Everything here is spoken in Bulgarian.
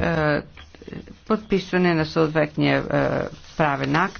Е, подписване на съответния е, правен акт.